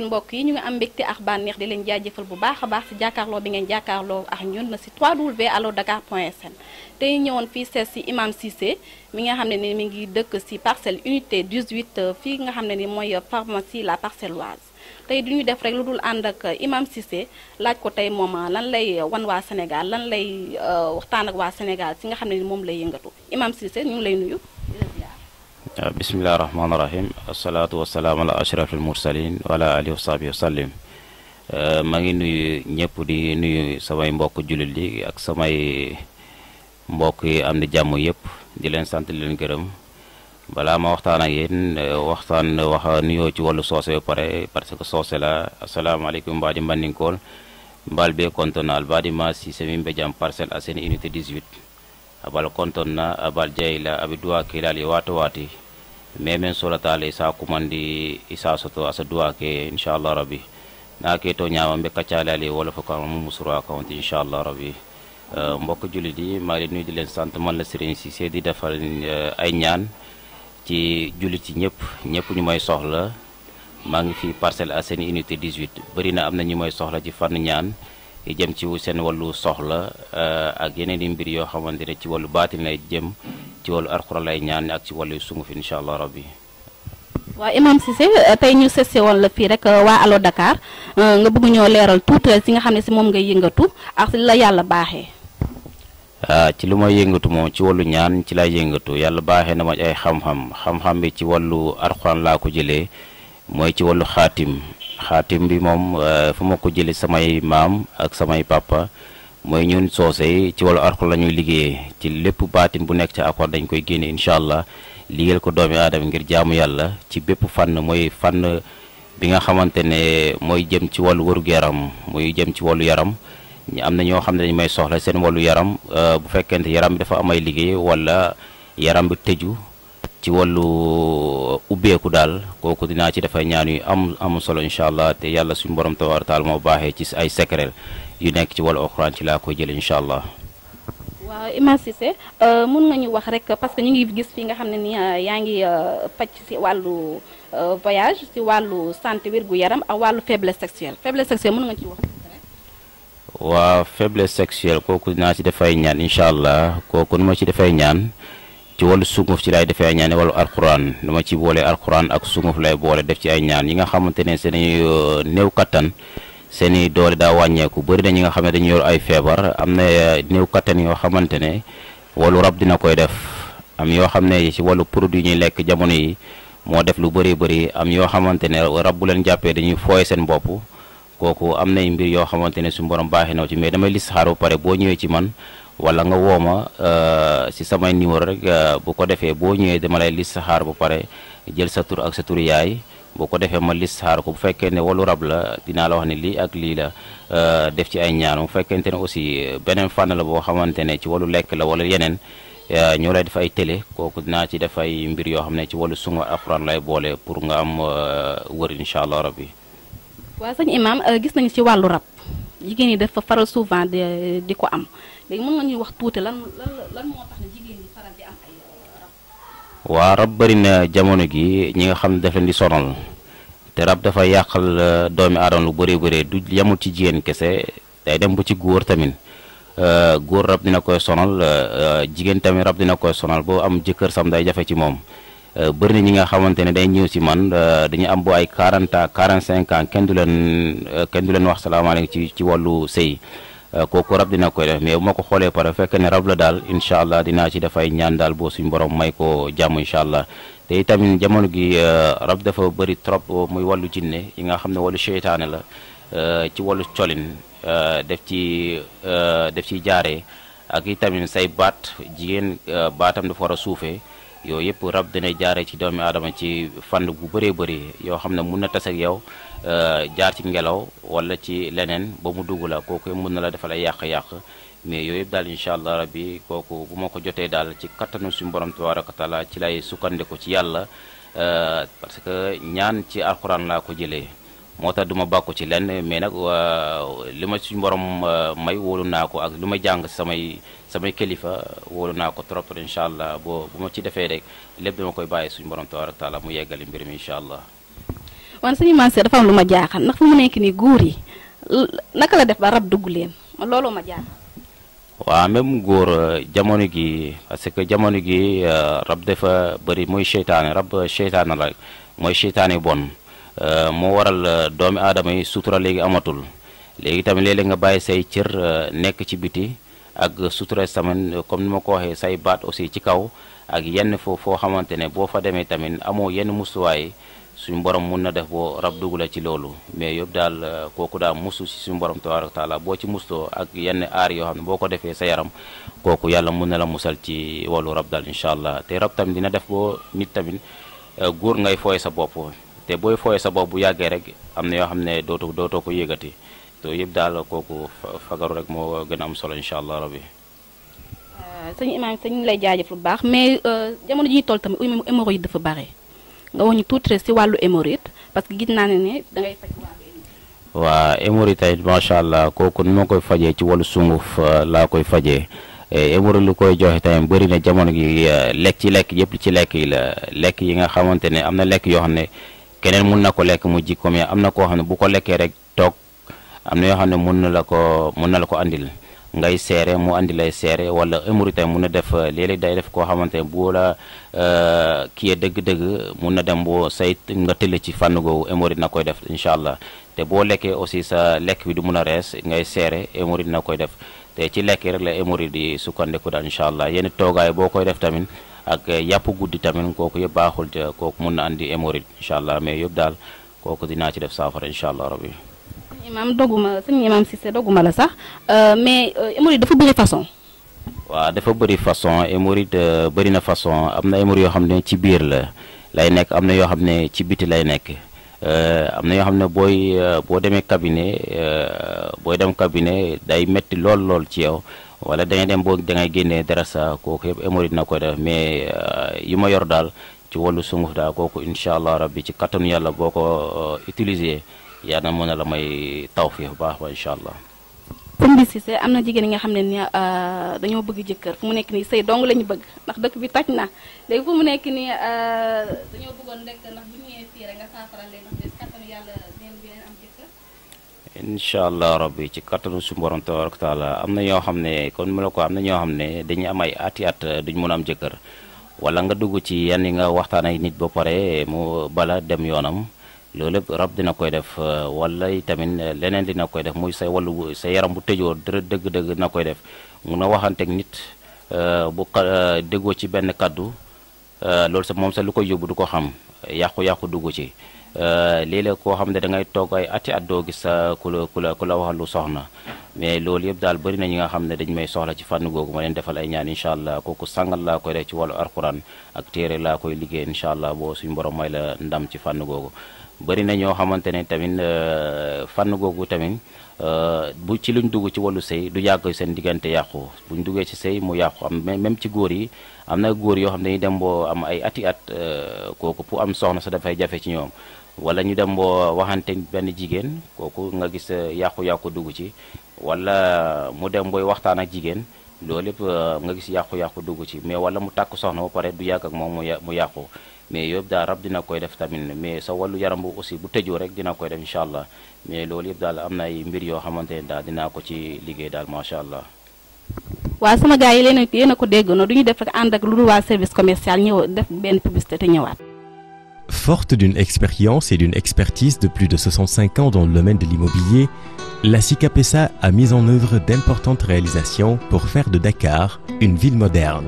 yéen mbokk yi ñu ngi am mbégte ak bànneex di leen jaajëfal bu baax a baax si jàkkaarloo bi ngeen jàkkaarloo ak ñun na si www.allo-dakar.sn tey ñëwoon fii seet si Imam Cissé mi nga xam ne ni mi ngi dëkk si parcelle unité 18 euh, fii nga xam ne ni mooy pharmacie la parcelle parcelloise tey du ñu def rek lu dul ànd ak euh, Imam Cissé laaj ko tey moom euh, lan lay wan waa Sénégal lan lay waxtaan ak waa Sénégal si nga xam ne ni moom lay yëngatu Imam Cissé ñu ngi lay nuyu. bisimillahi rahmaani rahim asalaatu wasalaam ala ashrafil mursalin wala alihi wa sahbi eh, maa ngi nuyu ñëpp di nuyu samay mbokk jullit yi ak samay mbokk yi am na jàmm yëpp di leen sant di leen gërëm balaa ma waxtaan ak yéen eh, waxtaan waxa nuyoo ci wàllu soose ba pare parce que soose la asalaamaaleykum mbaadi mbandinkool mbaal be kontonal baadi ma si semi mbe jam parcelle à seen unité 18 abal kontonna abal jeyla abi duwa kilali wato wati memen solatale isa kumandi isa soto asa duwa ke inchallah rabbi na ke to ñaama mbe kaccale ale wala fo kan mu musura kawanti inchallah rabbi euh, mbokk jullit yi maa ngi di leen sant man la Serigne Cissé di defal euh, ay ñaan ci jullit yi ñëpp ñëpp ñu may soxla maa ngi fi Parcelles seen unité 18 bëri na am na ñu may soxla ci fànn ñaan yi jëm ci seen wàllu soxla euh, ak yeneen i mbir yoo xamante ne ci wàllu baatin nay jëm ci wàllu alxuraan lay ñaan ak ci wàllu sunguf incha allah rabbi waaw imam Cissé euh, tey ñu sese woon la rek euh, waa Allo Dakar euh, nga bëgg ñoo leeral tuuti si nga xam ne si moom ngay yëngatu ak la yàlla baaxee. Ah, ci lu may yëngatu moom ci wàllu ñaan ci laay yëngatu yàlla baaxee na ma ay xam-xam bi ci wàllu laa ko jëlee mooy ci wàllu xaatim xaatim bi moom fu ma ko jëlee samay maam ak samay papa. mooy ñun soose ci wàllu arxul la ñuy liggéeyee ci lépp baatin bu nekk ci accord dañ koy génne incha allah liggéeyal ko doomi aadama ngir jaamu yàlla ci bépp fànn mooy fànn bi nga xamante ne mooy jëm ci wàllu wërugu yaram mooy jëm ci wàllu yaram ñu am na ñoo xam ne dañu may soxla seen wàllu yaram euh, bu fekkent yaram bi dafa am ay liggéey wala yaram bi tëju ci wàllu ubbeeku daal kooku dinaa ci dafay ñaan yu am am solo incha allah te yàlla suñu borom tabaaraka taala moo baaxee ci ay secret yu nekk ci wàllu alxuraan ci laa koy jël incha allah. waaw Imam Cissé euh, mun nga ñu wax rek parce que ñu ngi gis fi nga xam ne ni euh, yaa ngi pàcc euh, ci wàllu voyage si wàllu santé wér gu yaram ak wàllu faiblesse sexuelle faiblesse sexuelle mun nga ci wax. waaw faiblesse sexuelle kooku naa ci dafay ñaan incha allah kooku nu ma ci dafay ñaan ci wàllu sunguf ci laay defee ñaan wàllu alxuraan nu ma ci boole alxuraan ak sunguf lay boole def ci ay ñaan yi nga xamante ne seen néew kattan. seen i doole daa wàññeeku bëri na ñi nga xam ne dañu yor ay feebar am na eh, néew kattan yoo xamante ne wàllu rab dina koy def am yoo xam ne ci wàllu produit ñuy lekk jamono yi moo def lu bëri bëri am yoo xamante ne rab bu leen jàppee dañuy fooy seen bopp kooku am na yi mbir yoo xamante ne suñu borom baaxee naw ci mais damay listixaar ba pare boo ñëwee ci man wala nga woo ma euh, si samay numéro rek euh, bu ko defee boo ñëwee dama lay listixaar ba pare jël sa tur ak sa tur yaay boo ko defee ma list xaar ko bu fekkee ne walu rab la dinaa la wax ne lii ak lii la euh, def ci ay ñaan bu fekkente ne aussi euh, beneen fànn la boo xamante ne ci wallu lekk la wala yeneen euh, ñoo lay def ay télé kooku dinaa ci def ay mbir yoo xam ne ci walu suma alxuraan lay boole pour nga am wër incha allah rabbi. waaw sëñ Imaam gis nañu ci wàllu rab jigéen ñi dafa faral souvent di ko am léegi mën nga ñuy wax tuuti lan moo tax waa rab bëri na jamono gi ñi nga xam ne daf leen di sonal te rab dafa yàqal euh, doomi aadama lu bëree bëree du yemul ci jigéen kese day dem ba ci góor tamit euh, góor rab dina koy sonal euh, jigéen tamit rab dina koy sonal boo am jëkkër sam day jafe ci moom bëri na ñi nga xamante ne day ñëw si man dañu am bu ay quarante ans quarante cinq ans kenn du leen kenn du leen wax salaamaaleykum ci ci wàllu sëy Euh, kooku rab dina koy def mais bu ma ko xoolee pare fekk ne rab la daal incha allah dinaa ci defay ñaan daal boo suñ borom may ko jàmm incha allah te itamit jamono gi euh, rab dafa bari trop euh, muy wàllu jinne yi nga xam ne wàllu seytaane la ci wàllu colin def ci def ci jaaree ak itamit say baat jigéen baatam dafa war a suufee yooyu yëpp rab dina jaare ci doomi aadama ci fànn bu bëree bëri yoo xam ne mun na taseeg ak yow euh, jaar ci ngelaw wala ci leneen ba mu dugg la kooku mun na la defal yàq-yàq mais yooyu yëpp daal incha allah bi kooku bu ma ko jotee daal ci kattanu suñu borom tabaraka taala ci lay sukkandiku ci yàlla euh, parce que ñaan ci alxuraan laa ko jëlee moo tax du ma bàkku ci lenn mais nag li ma suñu borom may wóolu naa ko ak li ma jàng samay samay kilifa wóolu naa ko trop incha allah boo bu ma ci defee rek lépp dama koy bàyyi suñu borom tabaaraka taala mu yeggali mbir mi allah. wan suñu mansé dafa am lu ma jaaxal ndax fu mu nekk nii góor yi naka def ba rab dugg leen man looloo ma jaaxal. waaw même góor euh, jamono gi parce que jamono gi euh, rab dafa bëri mooy seytaane rab seytaane la mooy seytaane bon. Euh, moo waral euh, doomi aadama yi sutura léegi amatul léegi tamit léeg-léeg nga bàyyi say cër euh, nekk ci biti ak sutura tamit comme ni ma ko waxee say baat aussi ci kaw ak yenn foo foo xamante ne boo fa demee tamit amoo yenn musuwaay suñu borom mun na def boo rab dugg la ci loolu mais yëpp daal kooku daal musu si suñu borom tabaaraka taala boo ci mustoo ak yenn aar yoo xam ne boo ko defee sa yaram kooku yàlla mun na la musal ci wàllu rab daal incha allah te rab tamit dina def boo nit tamit góor ngay fooy sa bopp te booy fooye sa bopp bu yàggee rek am na yoo xam ne dootoo dootoo ko yëgati to yëpp daal kooku fagaru rek moo gën a am solo incha allah rabbi euh, sëñ imaam sëñ lay jaajëf lu baax mais euh, jamono ji ñu toll tamit hémorroïde dafa bare nga wax ñu tuuti si wàllu hémorroïde parce que gis naa ne ne da tamit macha allah kooku ni ma koy fajee ci wàllu sunguf euh, laa koy fajee hémorroïde lu koy joxe tamit bëri na jamono gi lekk ci lekk yëpp ci lekk yi la lekk yi nga xamante ne am na lekk yoo xam ne keneen mun na ko lekk mu jikko mais am na koo xam ne bu ko lekkee rek toog am na yoo xam ne mun na la ko mun na la ko andil ngay seere mu andi lay seere wala émuri tamit mun na def léeg day def koo xamante ne bu la euh, kii dëgg-dëgg mun na dem boo say nga tëll ci fànn googu émuri na koy def incha allah te boo lekkee aussi sa lekk bi du mun a rees ngay seere émuri na koy def te ci lekk rek la émuri di sukkandiku daal incha allah yéen toogaay boo koy def tamit. ak yàpp guddi tamit kooku yëpp baaxul te kooku mun na andi hémorroïde incha allah mais yëpp daal kooku dinaa ci def saafara incha allah rabbi. sëñ Imaam doguma sëñ la sax euh, mais euh, hémorroïde dafa bëri façon. waaw dafa bëri façon hémorroïde euh, bëri na façon am na hémorroïde yoo xam ne ci biir la lay nekk am na yoo xam ne ci biti lay nekk am na yoo xam ne booy boo demee cabinet booy dem cabinet day metti lool lool ci yow. wala da dem boo da ngay génnee dara sa kooku yëpp hémorroïde na ko def mais euh, yi ma yor daal ci wàllu sunguf daal kooku incha allah rabbi ci kattanu yàlla boo ko euh, utiliser yaa na mën a la may tawfiix baax ba incha allah. sëñ am na jigéen yi nga xam ne ni euh, dañoo bëgg jëkkër fu mu nekk nii sëy dong lañu bëgg ndax dëkk bi toj na léegi fu mu nekk nii dañoo bëggoon rek ndax bu ñu ñëwee fii rek nga saafara leen ndax kattanu yàlla. incha allah rabbi ci kattanu suñu borom tabaraka taala am na ñoo xam ne kon mu la ko am na ñoo xam ne dañuy am ay ati at eh, duñ mën am jëkkër wala nga dugg ci yenn yi nga waxtaan ay nit ba pare mu bala dem yoonam loolu lépp rab dina koy def eh, wala tamit leneen dina koy def muy say wàllu sa yaram bu tëjoo dërë dëgg-dëgg dina koy def mun a waxanteeg nit eh, bu déggoo ci benn kaddu loolu sa moom sa lu koy yóbbu du ko xam yàqu-yàqu dugg ci Euh, léeg-léeg koo xam ne da ngay toog ay ati at doo gis ku la ku la ku waxal lu soxna mais loolu yëpp daal bëri na ñi nga xam ne dañ may soxla ci fànn googu ma leen defal ay ñaan incha allah kooku sangal laa koy def ci wàllu arxuraan ak téere laa koy liggéey incha allah boo suñu borom may la ndam ci fànn googu bëri na ñoo xamante ne tamit euh, fànn googu tamit euh, bu ci luñ dugg ci wàllu sëy du yàgg seen diggante yàqu buñ duggee ci sëy mu yàqu am même ci góor yi am na góor yoo xam ne dañuy dem boo am ay ati at kooku pour am soxna sa dafay jafe ci ñoom wala ñu dem boo waxante benn jigéen kooku nga gis yàqu-yàqu euh, dugg ci walla mu dem booy waxtaan ak jigéen loolu lépp euh, nga gis yàqu-yàqu dugg ci mais wala mu tàkk soxna ba pare du yàgg ak moom mu yàqu mais yëpp daal rab dina koy def tamit mais sa wàllu yaram bu aussi bu tëjoo rek dina koy def incha allah mais loolu yëpp daal am na ay mbir yoo xamante ne daal dinaa ko ci liggéey daal macha allah. waaw sama gars yi leen yéen a ko dégg no du ñu def Forte d'une expérience et d'une expertise de plus de 65 ans dans le domaine de l'immobilier, la CICAPESA a mis en œuvre d'importantes réalisations pour faire de Dakar une ville moderne.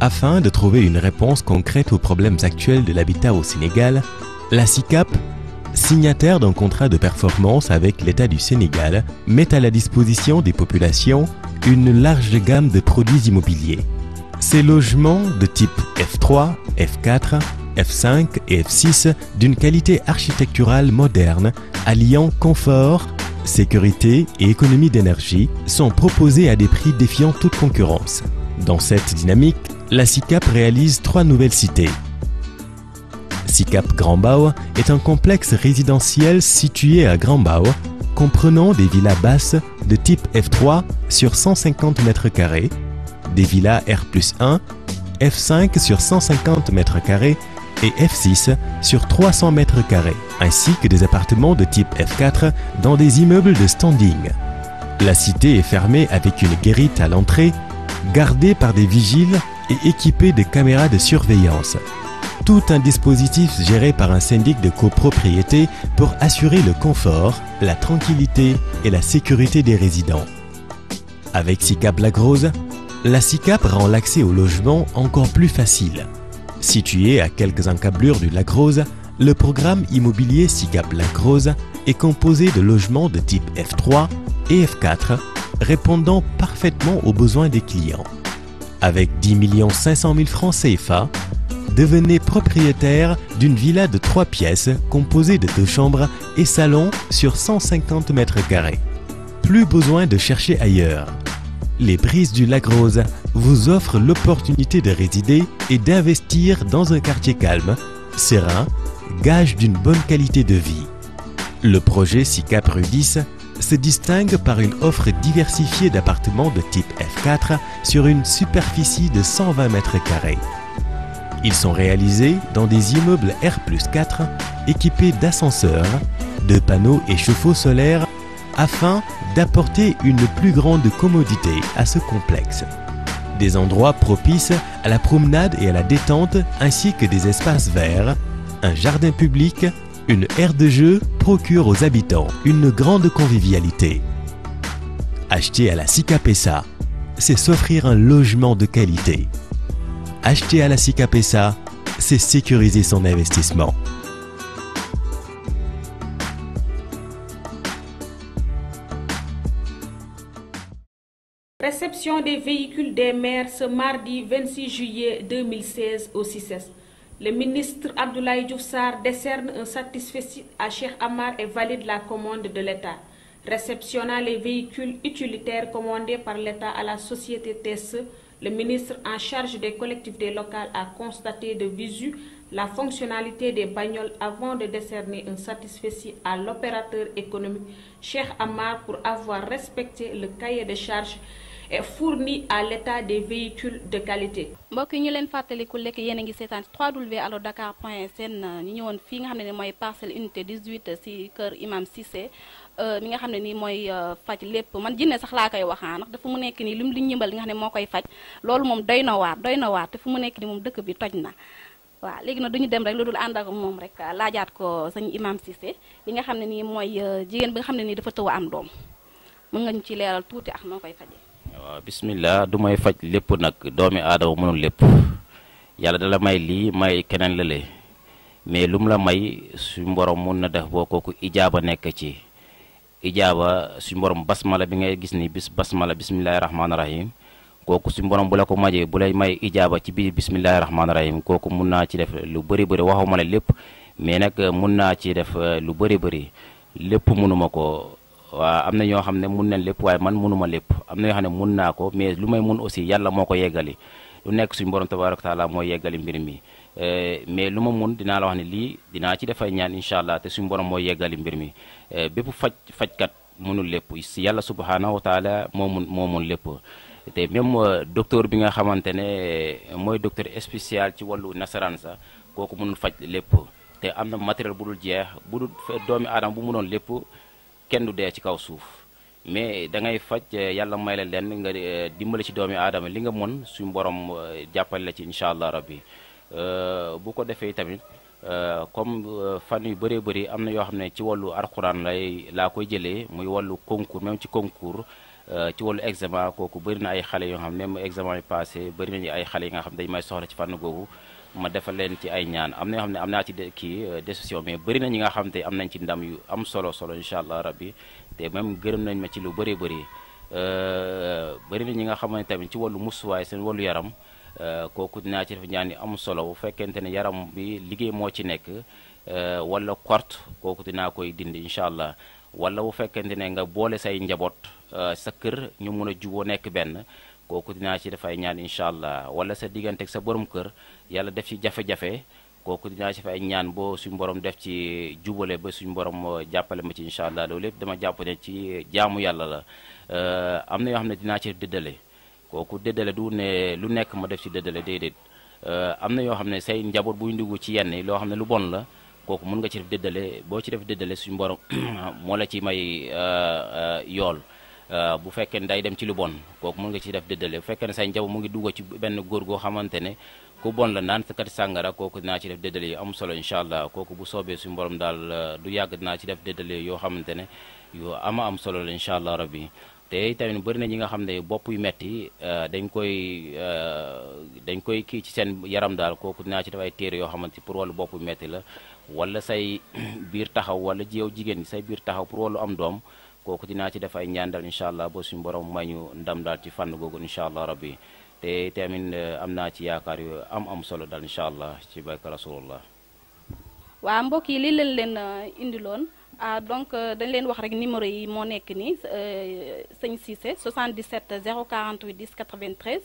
Afin de trouver une réponse concrète aux problèmes actuels de l'habitat au Sénégal, la CICAP, signataire d'un contrat de performance avec l'État du Sénégal, met à la disposition des populations une large gamme de produits immobiliers. Ces logements de type F3, F4, F5 et F6 d'une qualité architecturale moderne, alliant confort, sécurité et économie d'énergie, sont proposés à des prix défiant toute concurrence. Dans cette dynamique, la SICAP réalise trois nouvelles cités. SICAP grandbau est un complexe résidentiel situé à Grand Grandbau, comprenant des villas basses de type F3 sur 150 m carrés, des villas R1 F5 sur 150 m carrés et F6 sur 300 mètres carrés, ainsi que des appartements de type F4 dans des immeubles de standing. La cité est fermée avec une guérite à l'entrée, gardée par des vigiles et équipée de caméras de surveillance. Tout un dispositif géré par un syndic de copropriété pour assurer le confort, la tranquillité et la sécurité des résidents. Avec SICAP Lagrose, la SICAP rend l'accès au logement encore plus facile. Situé à quelques encablures du lac Rose, le programme immobilier SIGAP Lac Rose est composé de logements de type F3 et F4 répondant parfaitement aux besoins des clients. Avec 10 500 000 francs CFA, devenez propriétaire d'une villa de 3 pièces composée de deux chambres et salon sur 150 mètres carrés. Plus besoin de chercher ailleurs. Les brises du lac Rose vous offre l'opportunité de résider et d'investir dans un quartier calme, serein, gage d'une bonne qualité de vie. Le projet SICAP Rudis 10 se distingue par une offre diversifiée d'appartements de type F4 sur une superficie de 120 mètres Ils sont réalisés dans des immeubles R4 équipés d'ascenseurs, de panneaux et chauffe-eau solaires afin d'apporter une plus grande commodité à ce complexe des endroits propices à la promenade et à la détente ainsi que des espaces verts, un jardin public, une aire de jeu procurent aux habitants une grande convivialité. Acheter à la PESA, c'est s'offrir un logement de qualité. Acheter à la PESA, c'est sécuriser son investissement. Réception des véhicules des maires ce mardi 26 juillet 2016 au CICES. Le ministre Abdoulaye Djoussar décerne un satisfait à Cheikh Amar et valide la commande de l'État, réceptionnant les véhicules utilitaires commandés par l'État à la société TSE. Le ministre en charge des collectivités locales a constaté de visu la fonctionnalité des bagnoles avant de décerner un satisfait à l'opérateur économique Cheikh Amar pour avoir respecté le cahier de charges et fourni à l'état des véhicules de qualité. mbokk yi ñu leen fàttaliku lekk yéen a ngi seetaan ci www.alodakar.sn ñu ñëwoon fii nga xam ne ni mooy parcelle unité 18 ci kër Imam Cissé euh, mi nga xam ne nii mooy euh, faj lépp man jinne sax laa koy waxaa ah, ndax dafa mu nekk nii lim li ñimbal li nga xam ne moo koy faj loolu moom doy na waar doy na waar te fu mu nekk nii moom dëkk bi toj na waaw léegi nag duñu dem rek lu dul ànd ak moom rek ah, laajaat ko sañu Imam Cissé li nga xam ne nii mooy euh, jigéen bi nga xam ne nii dafa tëw am doom mën nga ci leeral tuuti ak ah, noo koy fajee waaw bismillah du may faj lépp nag doomi aadama mënul lépp yàlla dala may lii may keneen la mais lu mu la may suñu borom mun na def boo kooku ijaaba nekk ci ijaaba suñu borom basmala bi ngay gis ni bis basmala bismillahi rahmaani rahim kooku su borom bu la ko majee bu la may ijaaba ci biir bismillahi rahmaani rahim kooku mun naa ci def lu bari bëri waxuma la lépp mais nag mun naa ci def lu bëri bëri lépp ko waaw am na ñoo xam ne mun nañ lépp waaye man munuma lépp am na yoo xam ne mun naa ko mais lu may mun aussi yàlla moo ko yeggali lu nekk suñu borom tabaaraka taala mooy yeggali mbir mi euh, mais lu ma mun dinaa la wax ne lii dinaa ci dafay ñaan incha allah te suñu borom mooy yeggali mbir mi euh, bépp faj fajkat munul lépp si yàlla subhaanahu wa taala mun moo mun lépp te même euh, docteur bi nga xamante ne mooy docteur spécial ci wàllu nasaraan sax kooku munul faj lépp te am na matériel bu dul jeex bu doomi aadama bu munoon lépp kenn du dee ci kaw suuf mais da ngay faj eh, yàlla may la leen nga eh, dimbali ci doomi aadama li nga mën suñu borom eh, jàppale la ci incha allah rabbi bu ko defee tamit comme fan yu bëree bëri am na yoo xam ne ci wàllu alxuraan laa koy jëlee muy wàllu concours même ci concours ci wàllu examen kooku bëri na ay xale yoo xam ne même examen yi passé bëri nañu ay xale yi nga xam dañu may soxla ci fànn googu ma defal leen ci ay ñaan am na yoo xam ne am naa ci kii euh, décision mais bëri na ñi nga xam te am nañ ci ndam yu am solo solo incha allah rabbi te même gërëm nañ ma ci lu bëree bëri euh, bëri na ñi nga xam tamit ci wàllu musuwaay seen wallu yaram euh, kooku dinaa ci def ñaan yu am solo bu fekkente ne yaram bi liggéey moo ci nekk wala kort kooku dinaa koy dindi incha allah wala bu fekkente ne nga boole say njaboot sa kër ñu mun a juboo nekk benn. kooku dinaa ci def ay ñaan incha allah wala sa diggante ak sa borom kër yàlla def ci jafe-jafe kooku dinaa ci def ñaan boo suñu borom def ci jubale ba suñu borom uh, jàppale ma ci incha allah loolu lépp dama jàpp ne ci jaamu yàlla la uh, am na yoo xam ne dinaa ci dëddale kooku dëddale du ne lu nekk ma def ci dëddale déedéet uh, am na yoo xam ne say njaboot buy dugg ci yenn loo xam ne lu bon la kooku mën nga ci def dëddale boo ci def dëddale suñu borom moo la ci may yool. Euh, bu fekkee ne day dem ci lu bon kooku mu nga ci def dëddale bu fekkee ne say njaboot mu ngi dugg ci benn góor goo xamante ne ku bon la naan kat sàngara kooku dinaa ci def dëddale yu am solo incha allah kooku bu soobee suñu borom daal euh, du yàgg dinaa ci def dëddale yoo xamante ne yu ama am solo la incha allah rabbi te tamit bëri na ñi nga xam ne bopp yu metti euh, dañ koy dañ koy kii ci seen yaram daal kooku dinaa ci def ay téere yoo xamante pour wàllu bopp yu metti la wala say biir taxaw wala yow jigéen say biir taxaw pour wàllu am doom kooku dinaa ci def ay ñaan daal incha allah ba suñu borom may ñu ndam daal ci fànn googu incha allah rabbi te tamit eh, am naa ci yaakaar yu am am solo daal incha allah ci barke rasulullah waaw mbokk yi li leen leen eh, indiloon ah donc eh, dañ leen wax rek numéro yi moo nekk nii sëñ Cissé 77 048 10 93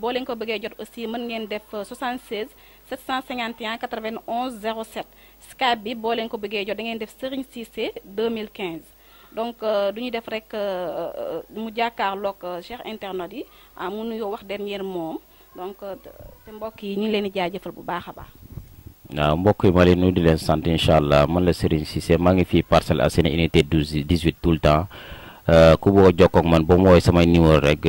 boo leen ko bëggee jot aussi mën ngeen def 76 751 91 07 Skype bi boo leen ko bëggee jot da ngeen def Serigne Cissé 2015. donc euh, du def rek euh, mu jàkkaarloog euh, cher internet yi amunu ah, yo wax dernier moom donc te mbok yi ñu ngi leen di bu baax ba na mbok yi ma leen nuyu di leen sant incha man la Serigne Cissé maa ngi fii Parcelles unité 12 18 tout le temps. ku boo ak man bo mu sama numéro rek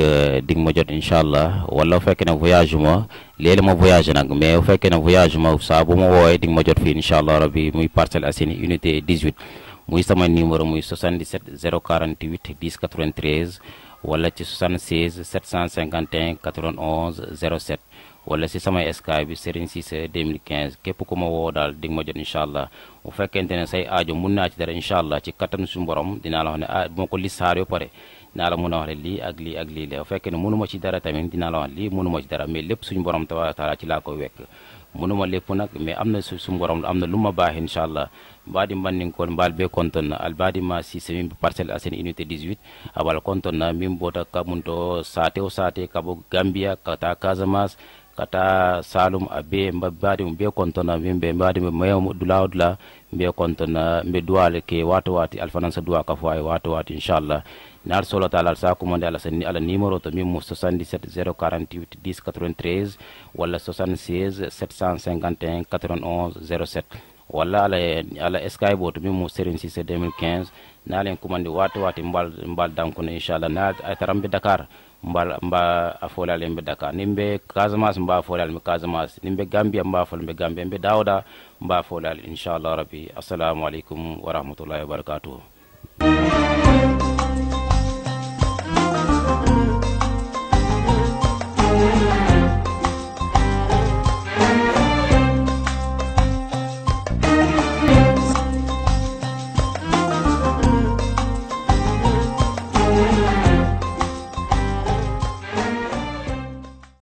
dig nga ma jot incha wala fekk fekkee voyage ma léegi ma voyage nak mais fekk fekkee voyage ma ça bu ma woowee di ma jot fi incha allah rabbi muy parcel Assainies unité 18. muy sama numéro muy 77 048 10 93 wala ci 76 751 91 07 wala si samay Skype bi Serigne Cissé 2015 képp ku ma woo daal di ma jot incha allah bu fekkente ne say aajo mun naa ci dara incha allah ci kattan su borom dinaa la wax ne ah moo ko lissaar ba pare dinaa la mun a wax lii ak lii ak lii la bu fekkee ne mënu ma ci dara tamit dinaa la wax lii mënu ma ci dara mais lépp suñu borom tabaaraka taala ci laa koy wekk mënu ma lépp nag mais am na suñu borom am na lu ma baax incha allah. mbaɗi banninkon mbal be contonna albaɗi ma sise min parcelle asene unité 18 awal contonna min bota kamum to sate o sate kabo gambia kata casamas kata salum abe mbaɗi mum be contonna min ɓe mbaɗi ɓe mayamu dulawo dula mbe contonna mbe duwale ke wato wati alfanansa duwa ka fo ay wato wati inchallah nar solo ta sako sakumande ala sanni ala numéro to min mo 77 048 10 93 walla 76 751 91 07 walla ala ala sky bo to min mo sérin sisé 2015 naalen commande wati wati mbal mbal dankone inchallah na atarambe dakar mbal mba afolale mbe dakar nimbe casamance mba afolale mbe casamance nimbe gambia mba afol mbe gambia mbe dawda mba afolale inchallah rabbi assalamu aleykum wa rahmatullahi wa barakatuhu